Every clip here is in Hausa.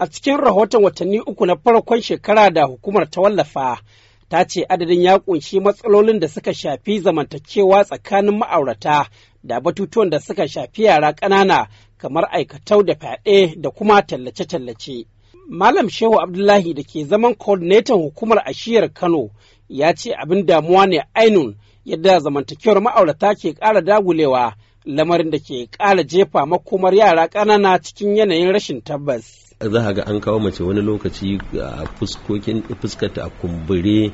A cikin rahoton watanni uku na farkon shekara da hukumar ta wallafa, ta ce adadin ya ƙunshi matsalolin da suka shafi zamantakewa tsakanin ma'aurata da batutuwan da suka shafi yara ƙanana kamar aikatau da fyaɗe da kuma tallace-tallace. Malam Shehu Abdullahi da ke zaman coordinator hukumar ashiyar Kano ya ce abin damuwa ne ainun yadda zamantakewar ma'aurata ke ƙara dagulewa lamarin da ke ƙara jefa makomar yara ƙanana cikin yanayin rashin tabbas. za ga an kawo mace wani lokaci a fuskokin a kumbure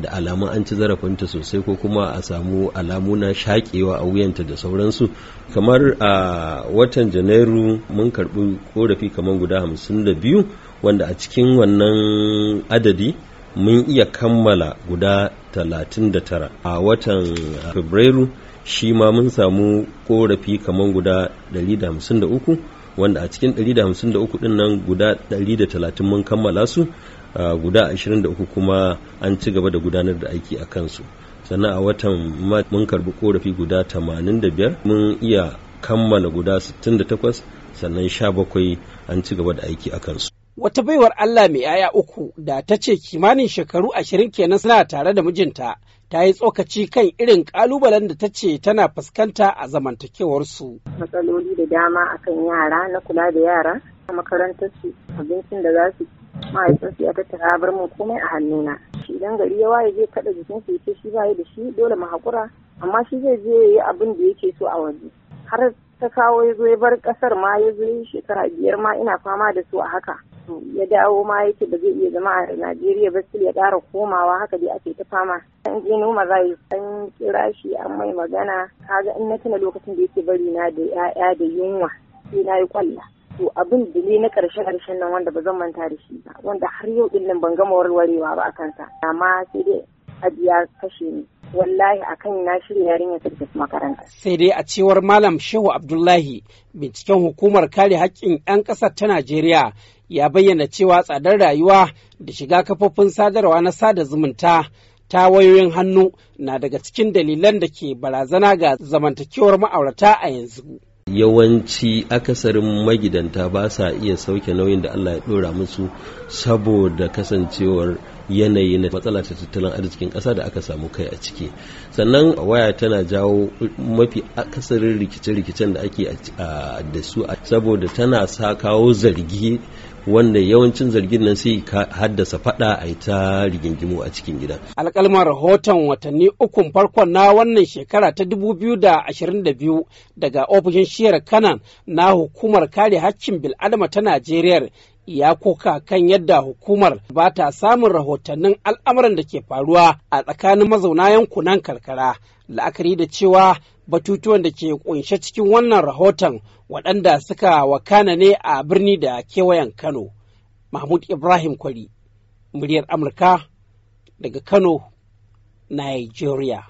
da alamun an ci zarafinta sosai ko kuma a samu alamu na shakewa a wuyanta da sauransu kamar a watan janairu mun karbi korafi kamar guda hamsin da biyu wanda a cikin wannan adadi mun iya kammala guda 39 a watan fabrairu shi ma mun samu korafi kamar guda 153 wanda a cikin 153 din nan guda 130 mun kammala su guda 23 kuma an ci gaba da gudanar da aiki a kansu sannan a watan mun karbi korafi guda 85 mun iya kammala guda 68 sannan 17 an ci gaba da aiki a kansu wata baiwar Allah mai yaya uku da ta ce kimanin shekaru ashirin kenan suna tare da mijinta ta yi tsokaci kan irin kalubalen da ta ce tana fuskanta a zamantakewarsu. Matsaloli da dama akan yara na kula da yara a makarantar su abincin da za su mahaifinsu ya tattara bar mu komai a hannuna. Idan gari ya waye zai kaɗa jikin su ce shi bayi da shi dole mu haƙura amma shi zai je ya yi abin da yake so a waje. Har ta kawo ya zo ya bar ƙasar ma ya zo shekara biyar ma ina fama da su a haka. su ya dawo ma yake ba zai iya zama a Najeriya ba sai ya ƙara komawa haka dai ake ta fama an je noma yi an kira shi an mai magana kaga in na tuna lokacin da yake bari na da 'ya'ya da yunwa sai na yi kwalla to abin da ne na karshe karshen nan wanda ba zan manta da shi ba wanda har yau din nan ban gama warwarewa ba a kansa amma sai dai ajiya kashe ni wallahi akan na shirya yarinya ta tafi makaranta sai dai a cewar malam shehu abdullahi binciken hukumar kare haƙƙin 'yan ƙasar ta najeriya ya bayyana cewa tsadar rayuwa da shiga kafofin sadarwa na sada zumunta ta wayoyin hannu na daga cikin dalilan da ke barazana ga zamantakewar ma'aurata a yanzu. Yawanci akasarin magidanta ba sa iya sauke nauyin da Allah ya ɗora musu saboda kasancewar yanayi na matsala ta tattalin arzikin kasa da aka samu kai a ciki sannan waya tana jawo mafi akasarin rikice-rikicen da ake da su saboda tana sa kawo zargi wanda yawancin zargin nan sai haddasa fada a yi ta rigingimu a cikin gida. Alƙalman rahoton watanni ukun farkon na wannan shekara ta 2022 daga ofishin shiyar kanan na hukumar kare haccin bil'adama ta Najeriya ya koka kan yadda hukumar ba ta samun rahotannin al'amuran da ke faruwa a tsakanin mazauna yankunan karkara la'akari da cewa batutuwan da ke kunshe cikin wannan rahoton waɗanda suka wakana ne a birni da kewayen kano mahmud ibrahim kwari muryar amurka daga kano nigeria